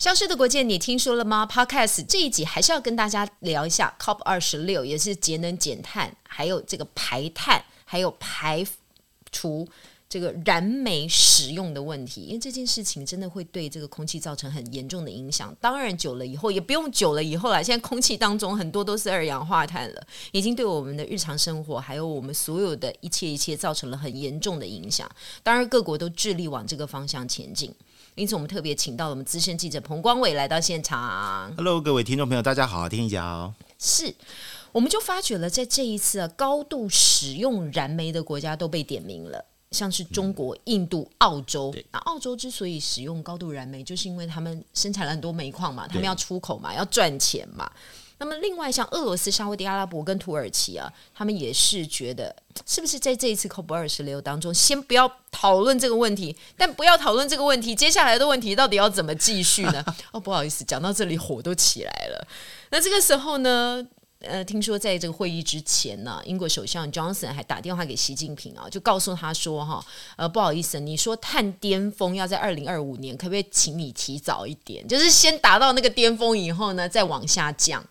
消失的國界，你聽說了嗎？Podcast 這一集還是要跟大家聊一下 COP 26，也是節能減碳，還有這個排碳，還有排除這個燃煤使用的問題。因為這件事情真的會對這個空氣造成很嚴重的影響。當然，久了以後也不用久了以後了。現在空氣當中很多都是二氧化碳了，已經對我們的日常生活還有我們所有的一切一切造成了很嚴重的影響。當然，各國都致力往這個方向前進。因此，我們特別請到了我們資深記者彭光偉來到現場。Hello，各位聽眾朋友，大家好，好聽一下哦。是，我們就發覺了，在這一次、啊、高度使用燃煤的國家都被點名了，像是中國、嗯、印度、澳洲。那對、啊、澳洲之所以使用高度燃煤，就是因為他們生產了很多煤礦嘛，他們要出口嘛，要賺錢嘛。那麼，另外像俄羅斯、沙烏地阿拉伯跟土耳其啊，他們也是覺得，是不是在這一次 COP 26當中，先不要討論這個問題，但不要討論這個問題，接下來的問題到底要怎麼繼續呢？ 哦，不好意思，講到這裡火都起來了。那這個時候呢，呃，聽說在這個會議之前呢、啊，英國首相 Johnson 還打電話給習近平啊，就告訴他說、啊，哈，呃，不好意思，你說碳巔峰要在二零二五年，可不可以請你提早一點，就是先達到那個巔峰以後呢，再往下降。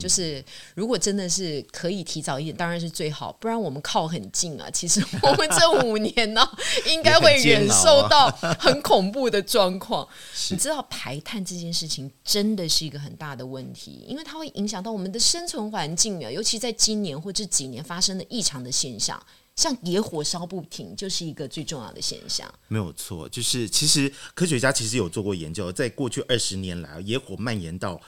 就是如果真的是可以提早一點，當然是最好。不然我們靠很近啊，其實我們這五年呢、啊， 應該會忍受到很恐怖的狀況。啊、你知道排碳這件事情真的是一個很大的問題，是因為它會影響到我們的生存環境啊。尤其在今年或這幾年發生的異常的現象，像野火燒不停，就是一個最重要的現象。沒有錯，就是其實科學家其實有做過研究，在過去二十年來，野火蔓延到。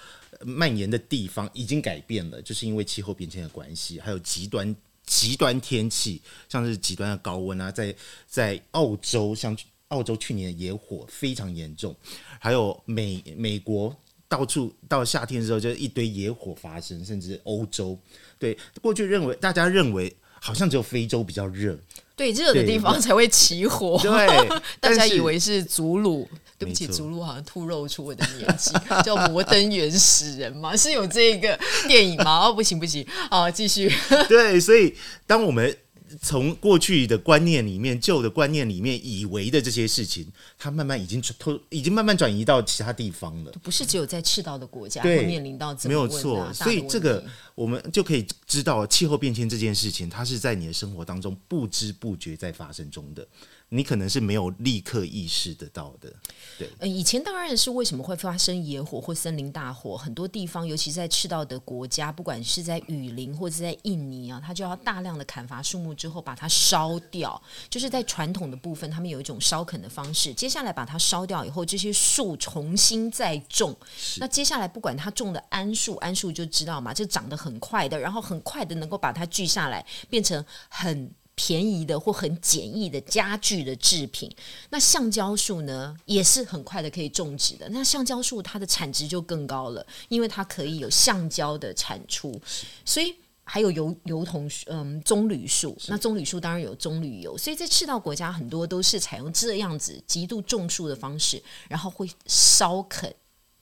蔓延的地方已經改變了，就是因為氣候變遷的關係，還有極端極端天氣，像是極端的高溫啊，在在澳洲，像澳洲去年的野火非常嚴重，還有美美國到處到夏天的時候，就一堆野火發生，甚至歐洲，對，過去認為大家認為。好像只有非洲比較熱，對，熱的地方才會起火。對 大家以為是祖魯，是對不起，祖魯錯好像透露出我的年紀，叫摩登原始人嘛， 是有這一個電影嗎？ 哦，不行不行，好，繼續。 對，所以當我們。從過去的觀念裡面，舊的觀念裡面以為的這些事情，它慢慢已經轉，都已經慢慢轉移到其他地方了。不是只有在赤道的國家會對面臨到這麼、啊、沒有錯，所以這個我們就可以知道氣候變遷這件事情，它是在你的生活當中不知不覺在發生中的，你可能是沒有立刻意識得到的。對，嗯、呃，以前當然是為什麼會發生野火或森林大火，很多地方，尤其在赤道的國家，不管是在雨林或者在印尼啊，它就要大量的砍伐樹木。之後把它燒掉，就是在傳統的部分，他們有一種燒墾的方式。接下來把它燒掉以後，這些樹重新再種。是那接下來不管它種的桉樹，桉樹就知道嘛，就長得很快的，然後很快的能夠把它鋸下來，變成很便宜的或很簡易的家具的制品。那橡膠樹呢，也是很快的可以種植的。那橡膠樹它的產值就更高了，因為它可以有橡膠的產出，是所以。還有油油桐樹，嗯，棕櫚樹。是那棕櫚樹當然有棕櫚油，所以在赤道國家很多都是採用這樣子極度種樹的方式，然後會燒墾、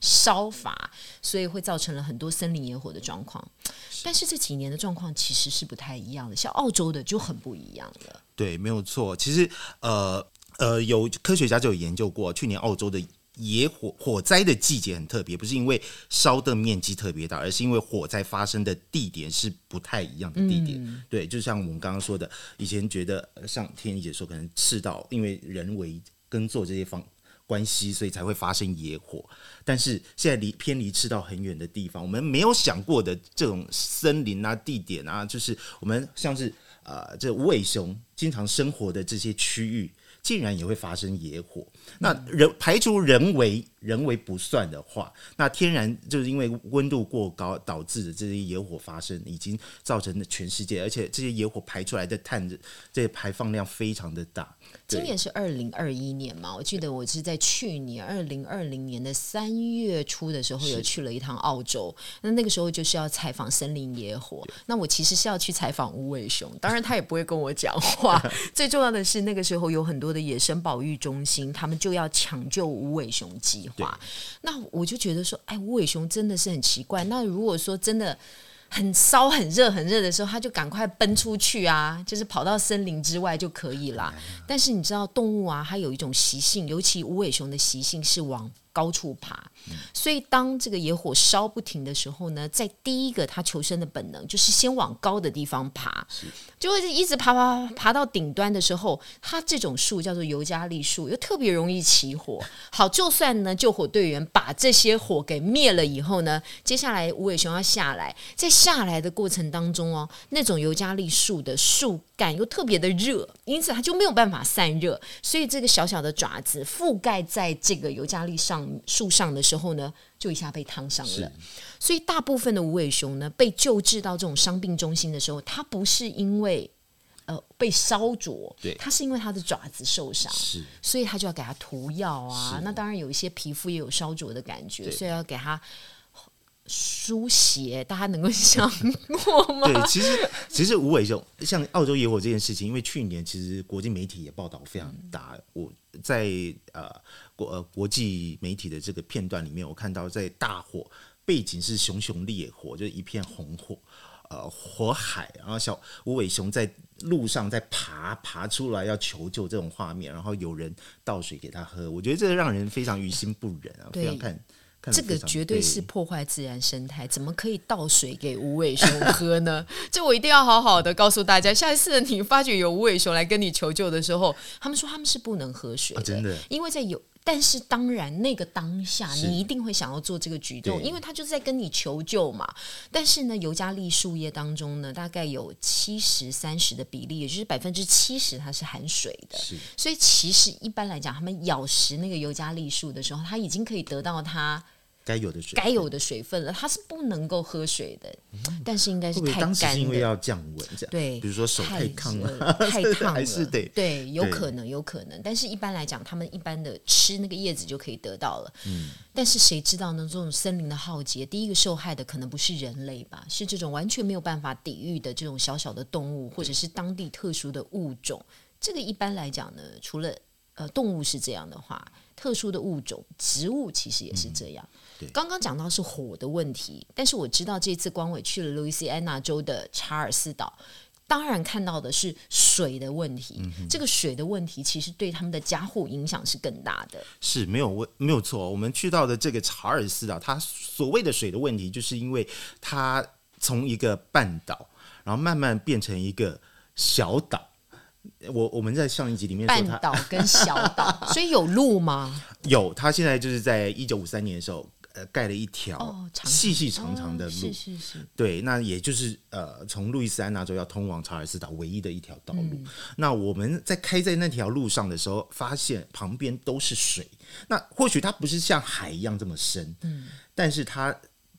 燒伐，所以會造成了很多森林野火的狀況。是但是這幾年的狀況其實是不太一樣的，像澳洲的就很不一樣了。對，沒有錯。其實，呃呃，有科學家就有研究過，去年澳洲的。野火火災的季節很特別，不是因為燒的面積特別大，而是因為火災發生的地點是不太一樣的地點。嗯、對，就像我們剛剛說的，以前覺得像天野姐說，可能赤道因為人為耕作這些方關係，所以才會發生野火。但是現在離偏離赤道很遠的地方，我們沒有想過的這種森林啊地點啊，就是我們像是呃這無尾熊經常生活的這些區域，竟然也會發生野火，那人排除人為人為不算的話，那天然就是因為溫度過高導致的這些野火發生，已經造成了全世界，而且這些野火排出來的碳，這些排放量非常的大。今年是二零二一年嘛，我記得我是在去年二零二零年的三月初的時候有是去了一趟澳洲，那那個時候就是要採訪森林野火，對那我其實是要去採訪無尾熊，當然他也不會跟我講話。 最重要的是那個時候有很多。的野生保育中心，他們就要搶救無尾熊計劃。對那我就覺得說，哎，無尾熊真的是很奇怪。那如果說真的很燒、很熱、很熱的時候，它就趕快奔出去啊，就是跑到森林之外就可以了。但是你知道，動物啊，它有一種習性，尤其無尾熊的習性是往。高處爬，嗯、所以當這個野火燒不停的時候呢，在第一個它求生的本能就是先往高的地方爬，是是就會一直爬爬爬爬，爬到頂端的時候，它這種樹叫做尤加利樹，又特別容易起火。 好，就算呢救火隊員把這些火給滅了以後呢，接下來無尾熊要下來，在下來的過程當中哦，那種尤加利樹的樹幹又特別的熱，因此它就沒有辦法散熱，所以這個小小的爪子覆蓋在這個尤加利上。樹上的時候呢，就一下被燙傷了。是所以大部分的無尾熊呢，被救治到這種傷病中心的時候，它不是因為呃被燒灼，對，它是因為它的爪子受傷，是所以他就要給它塗藥啊。是那當然有一些皮膚也有燒灼的感覺，對所以要給它。書寫大家能夠想過嗎？ 對，其實其實無尾熊像澳洲野火這件事情，因為去年其實國際媒體也報道非常大。嗯、我在呃國呃國際媒體的這個片段裡面，我看到在大火背景是熊熊烈火，就是一片紅火呃火海，然後小無尾熊在路上在爬爬出來要求救這種畫面，然後有人倒水給他喝，我覺得這讓人非常於心不忍啊，對非常看。這個絕對是破壞自然生態，對怎麼可以倒水給無尾熊喝呢？這 我一定要好好的告訴大家，下一次你發覺有無尾熊來跟你求救的時候，他們說他們是不能喝水的，啊、真的因為在有。但是當然，那個當下你一定會想要做這個舉動，因為他就是在跟你求救嘛。但是呢，尤加利樹葉當中呢，大概有七十三十的比例，也就是百分之七十它是含水的，是所以其實一般來講，他們咬食那個尤加利樹的時候，他已經可以得到它。該有的水，該有的水分了，它是不能夠喝水的，但是應該是太乾了，當時是因為要降溫，這樣對，比如說手太燙了，太燙了，還是得對，有可能，有可能，但是一般來講，他們一般的吃那個葉子就可以得到了。嗯，但是誰知道呢？這種森林的浩劫，第一個受害的可能不是人類吧？是這種完全沒有辦法抵禦的這種小小的動物，或者是當地特殊的物種。這個一般來講呢，除了呃動物是這樣的話。特殊的物種，植物其實也是這樣。嗯、對，剛剛講到是火的問題，但是我知道這次光偉去了路易斯安那州的查爾斯島，當然看到的是水的問題。嗯、哼這個水的問題其實對他們的家戶影響是更大的。是沒有問沒有錯，我們去到的這個查爾斯島，它所謂的水的問題，就是因為它從一個半島，然後慢慢變成一個小島。我我們在上一集裡面說他，半島跟小島， 所以有路嗎？有，他現在就是在一九五三年的時候，呃，蓋了一條細細長長的路，是是是，對，那也就是呃，從路易斯安那州要通往查爾斯島唯一的一條道路。嗯，那我們在開在那條路上的時候，發現旁邊都是水，那或許它不是像海一樣這麼深，嗯，但是它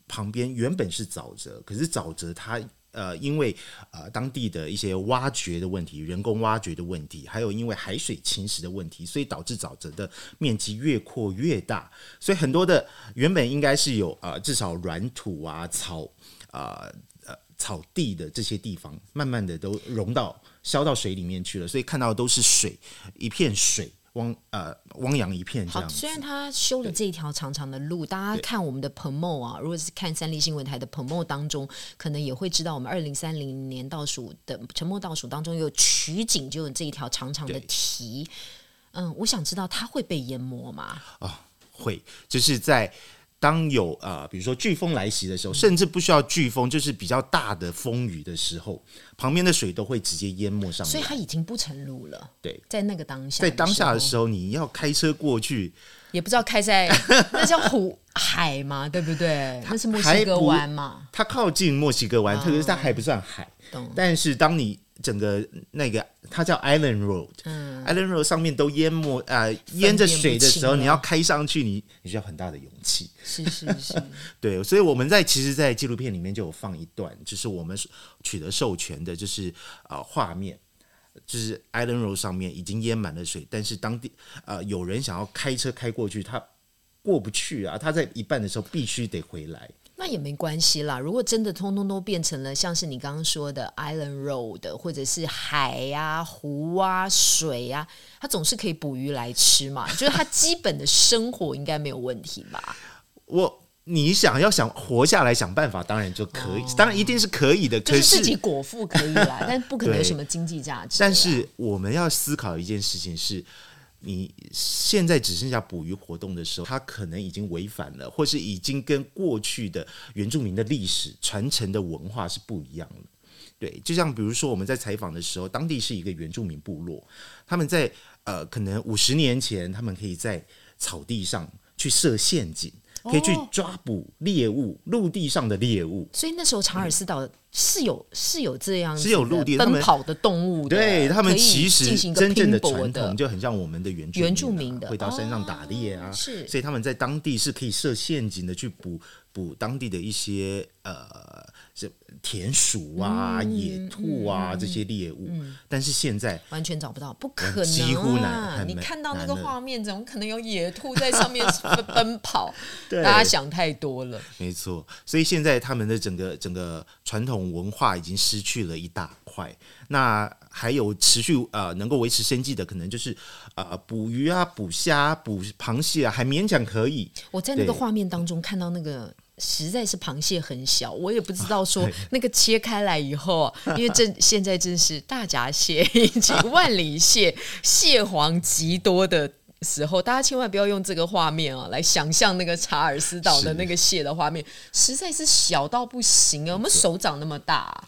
旁邊原本是沼澤，可是沼澤它。呃，因為呃，當地的一些挖掘的問題、人工挖掘的問題，還有因為海水侵蝕的問題，所以導致沼澤的面積越擴越大。所以很多的原本應該是有呃，至少軟土啊、草啊、呃草地的這些地方，慢慢的都融到消到水裡面去了，所以看到都是水，一片水。汪呃，汪洋一片這樣。好，雖然他修了這一條長長的路，對大家看我們的朋 r 啊，如果是看三立新聞台的朋 r 當中，可能也會知道我們二零三零年倒數的沉默倒數當中有取景，就有這一條長長的題對嗯，我想知道他會被淹沒嗎？哦，會，就是在。當有啊、呃，比如說颶風來襲的時候，甚至不需要颶風，就是比較大的風雨的時候，旁邊的水都會直接淹沒上去、嗯。所以它已經不成路了。對，在那個當下，在當下的時候，你要開車過去，也不知道開在那叫湖 海嘛，對不對？那是墨西哥灣嘛？它靠近墨西哥灣，啊、特別是它還不算海。懂但是當你。整個那個，它叫 Island Road，嗯，Island Road 上面都淹沒，啊、呃，淹着水的時候，你要開上去，你你需要很大的勇氣。是是是， 對。所以我們在其實，在紀錄片裡面就有放一段，就是我們取得授權的，就是啊、呃，畫面，就是 Island Road 上面已經淹滿了水，但是當地啊、呃，有人想要開車開過去，他過不去啊，他在一半的時候必須得回來。那也沒關係啦，如果真的通通都變成了像是你剛剛說的 Island Road，或者是海啊、湖啊、水啊，它總是可以捕魚來吃嘛， 就是它基本的生活應該沒有問題吧？我你想要想活下來，想辦法，當然就可以，當然一定是可以的，哦、可是，就是自己果腹可以啦， 但不可能有什麼經濟價值。但是我們要思考一件事情是。你現在只剩下捕魚活動的時候，它可能已經違反了，或是已經跟過去的原住民的歷史傳承的文化是不一樣了。對，就像比如說我們在採訪的時候，當地是一個原住民部落，他們在呃，可能五十年前，他們可以在草地上去設陷阱。可以去抓捕獵物，哦、陸地上的獵物。所以那時候查爾斯島是有、嗯、是有這樣是有陸地奔跑的動物的。他們、對、他們其實真正的傳統就很像我們的原住民、啊、原住民的，會到山上打獵啊、哦。是，所以他們在當地是可以設陷阱的去捕。捕當地的一些呃，這田鼠啊、嗯、野兔啊、嗯、這些獵物，嗯嗯、但是現在完全找不到，不可能、啊，幾乎難。你看到那個畫面，了怎麼可能有野兔在上面奔跑？ 對大家想太多了，沒錯。所以現在他們的整個整個傳統文化已經失去了一大塊。那還有持續呃能夠維持生計的，可能就是呃捕魚啊、捕蝦、啊、捕螃蟹啊，還勉強可以。我在那個畫面當中看到那個，實在是螃蟹很小，我也不知道說那個切開來以後，啊、因為這 現在正是大閘蟹、 萬里蟹、蟹黃極多的時候，大家千萬不要用這個畫面啊來想象那個查爾斯島的那個蟹的畫面，是實在是小到不行啊，我們是手掌那麼大、啊。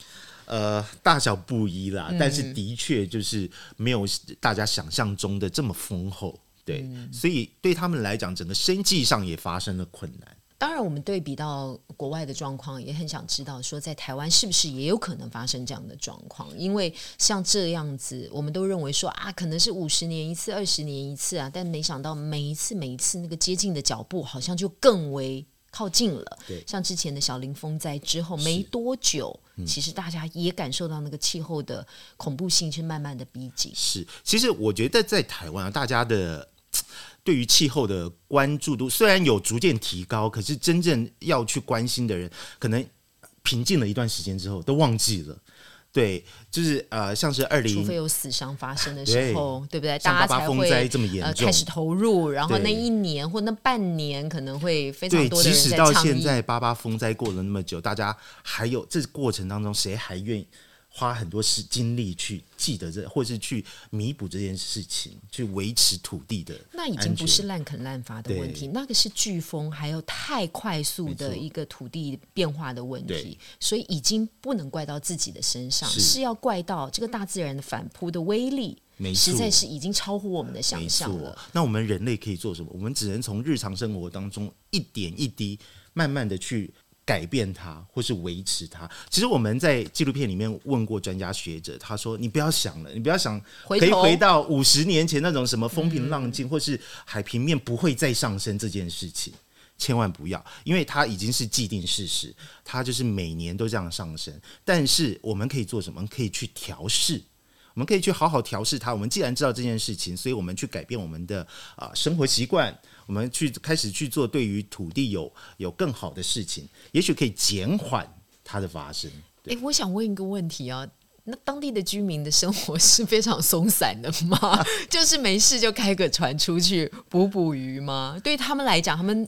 呃，大小不一啦，嗯、但是的確就是沒有大家想象中的這麼豐厚，對，嗯、所以對他們來講，整個生計上也發生了困難。當然，我們對比到國外的狀況，也很想知道說，在台灣是不是也有可能發生這樣的狀況？因為像這樣子，我們都認為說啊，可能是五十年一次、二十年一次啊，但沒想到每一次、每一次那個接近的腳步，好像就更為靠近了，對像之前的小林風災之後沒多久，嗯、其實大家也感受到那個氣候的恐怖性，是慢慢的逼近。是，其實我覺得在台灣啊，大家的對於氣候的關注度雖然有逐漸提高，可是真正要去關心的人，可能平靜了一段時間之後都忘記了。對，就是呃，像是二零，除非有死傷發生的時候，對，對不對？大家才會巴巴、呃、開始投入，然後那一年或那半年可能會非常多的人在參與。對，即使到現在八八風災過了那麼久，大家還有這過程當中，誰還願意？花很多時精力去記得這，或是去彌補這件事情，去維持土地的。那已經不是濫墾濫伐的問題，對那個是颶風還有太快速的一個土地變化的問題，錯所以已經不能怪到自己的身上，對是要怪到這個大自然的反撲的威力，錯實在是已經超乎我們的想象了。那我們人類可以做什麼？我們只能從日常生活當中一點一滴，慢慢的去。改變它，或是維持它。其實我們在紀錄片裡面問過專家學者，他說：“你不要想了，你不要想，回頭可以回到五十年前那種什麼風平浪靜，嗯、或是海平面不會再上升這件事情，千萬不要，因為它已經是既定事實。它就是每年都這樣上升。但是我們可以做什麼？我們可以去調適，我們可以去好好調適它。我們既然知道這件事情，所以我們去改變我們的啊、呃、生活習慣。”我們去開始去做對於土地有有更好的事情，也許可以減緩它的發生。哎、欸，我想問一個問題啊，那當地的居民的生活是非常鬆散的嗎？ 就是沒事就開個船出去捕捕魚嗎？對他們來講，他們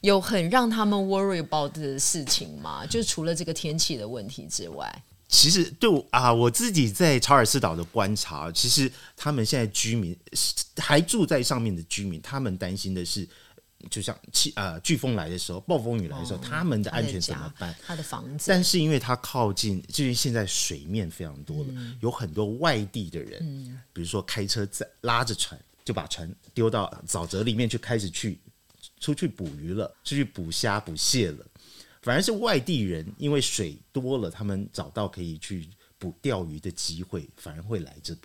有很讓他們 worry about 的事情嗎？就除了這個天氣的問題之外。其實對我，對、呃、啊，我自己在查爾斯島的觀察，其實他們現在居民還住在上面的居民，他們擔心的是，就像氣啊颶風來的時候，暴風雨來的時候，哦、他們的安全家怎麼辦？他的房子。但是因為他靠近，至於現在水面非常多了，嗯、有很多外地的人，嗯、比如說開車在拉着船，就把船丟到沼澤裡面去，就開始去出去捕魚了，出去捕蝦捕蟹了。反而是外地人，因為水多了，他們找到可以去捕釣魚的機會，反而會來這邊，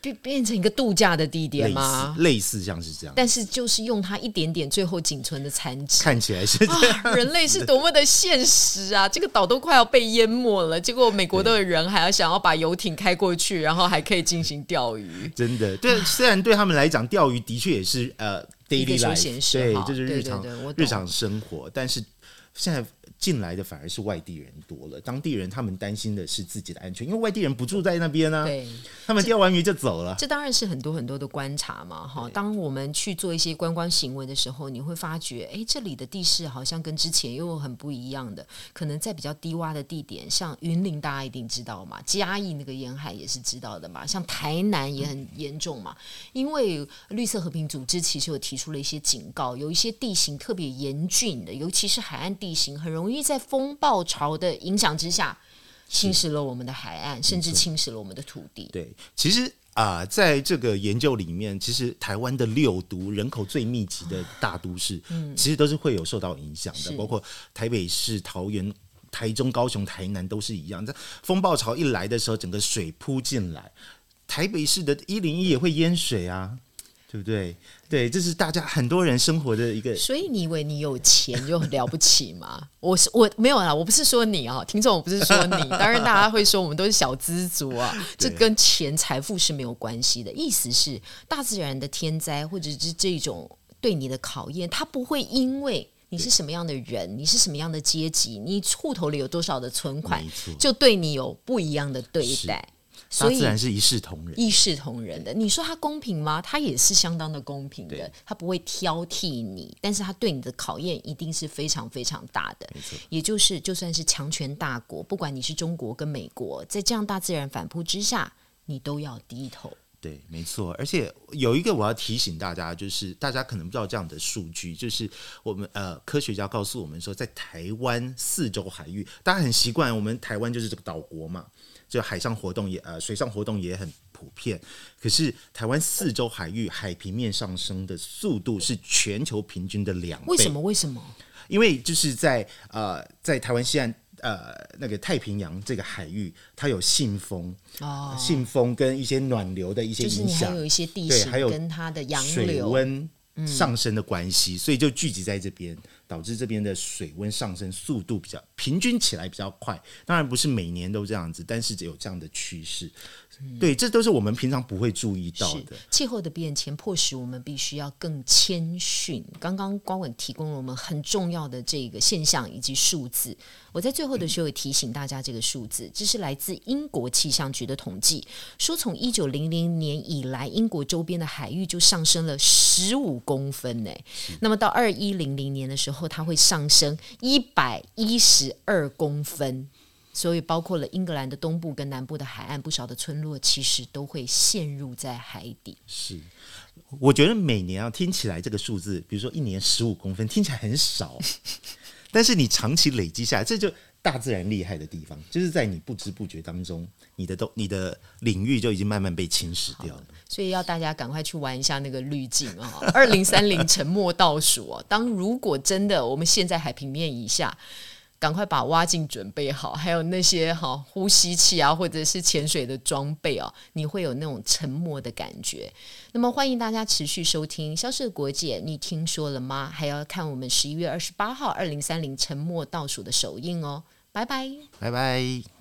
變變成一個度假的地點嗎？類似，類似像是這樣，但是就是用它一點點最後僅存的殘值。看起來是這樣。哦，人類是多麼的現實啊！的這個島都快要被淹沒了，結果美國的人還要想要把遊艇開過去，然後還可以進行釣魚。 真的，對，雖然對他們來講，釣魚的確也是呃，uh, daily life, 一個休閒是，對，就是好日常懂日常生活，但是現在。進來的反而是外地人多了，當地人他們擔心的是自己的安全，因為外地人不住在那邊啊。對，他們釣完魚就走了。這，這當然是很多很多的觀察嘛，哈。對。當我們去做一些觀光行為的時候，你會發覺，欸，這裡的地勢好像跟之前又很不一樣的，可能在比較低洼的地點，像雲林大家一定知道嘛，嘉義那個沿海也是知道的嘛，像台南也很嚴重嘛。嗯。因為綠色和平組織其實有提出了一些警告，有一些地形特別嚴峻的，尤其是海岸地形很容易。容易在風暴潮的影響之下侵蝕了我們的海岸，是甚至侵蝕了我們的土地。對，其實啊，呃，在這個研究裡面，其實台灣的六都人口最密集的大都市，嗯，其實都是會有受到影響的，是包括台北市、桃園、台中、高雄、台南都是一樣。在風暴潮一來的時候，整個水撲進來，台北市的一零一也會淹水啊。對不對？對，這是大家很多人生活的一個。所以你以為你有錢就很了不起嗎？ 我是我沒有啊，我不是說你啊，聽眾我不是說你。 當然，大家會說我們都是小資族啊，這 對跟錢、財富是沒有關係的。意思是，大自然的天災或者是這種對你的考驗，它不會因為你是什麼樣的人，對你是什麼樣的階級，你戶頭裡有多少的存款，沒錯就對你有不一樣的對待。所以自然是一視同仁，一視同仁的。你說他公平嗎？他也是相當的公平的，對他不會挑剔你，但是他對你的考驗一定是非常非常大的。沒錯錯，也就是就算是強權大國，不管你是中國跟美國，在這樣大自然反撲之下，你都要低頭。對，沒錯。而且有一個我要提醒大家，就是大家可能不知道這樣的數據，就是我們呃科學家告訴我們說，在台灣四周海域，大家很習慣我們台灣就是這個島國嘛。就海上活動也呃，水上活動也很普遍。可是台灣四周海域海平面上升的速度是全球平均的兩倍。為什，為什麼？為什麼？因為就是在呃，在台灣西岸呃那個太平洋這個海域，它有信風，哦，信風跟一些暖流的一些影響，對，有一些地形還有跟它的洋流水溫。上升的關係，所以就聚集在這邊，導致這邊的水溫上升速度比較平均起來比較快。當然不是每年都這樣子，但是只有這樣的趨勢。嗯、對，這都是我們平常不會注意到的。氣候的變遷迫使我們必須要更謙遜。剛剛光文提供了我們很重要的這個現象以及數字。我在最後的時候也提醒大家，這個數字、嗯、這是來自英國氣象局的統計，說從一九零零年以來，英國周邊的海域就上升了十五公分誒、欸。是那麼到二一零零年的時候，它會上升一百一十二公分。所以包括了英格蘭的東部跟南部的海岸，不少的村落其實都會陷入在海底。是，我覺得每年啊，聽起來這個數字，比如說一年十五公分，聽起來很少， 但是你長期累積下來，這就大自然厲害的地方，就是在你不知不覺當中，你的都你的領域就已經慢慢被侵蝕掉了。所以要大家趕快去玩一下那個濾鏡啊，二零三零沉沒倒數哦，當如果真的我們現在海平面以下，趕快把蛙鏡準備好，還有那些哈、哦、呼吸器啊，或者是潛水的裝備哦、啊，你會有那種沉沒的感覺。那麼歡迎大家持續收聽《消失的國界》，你聽說了嗎？還要看我們十一月二十八號二零三零沉沒倒數的首映哦，拜拜，拜拜。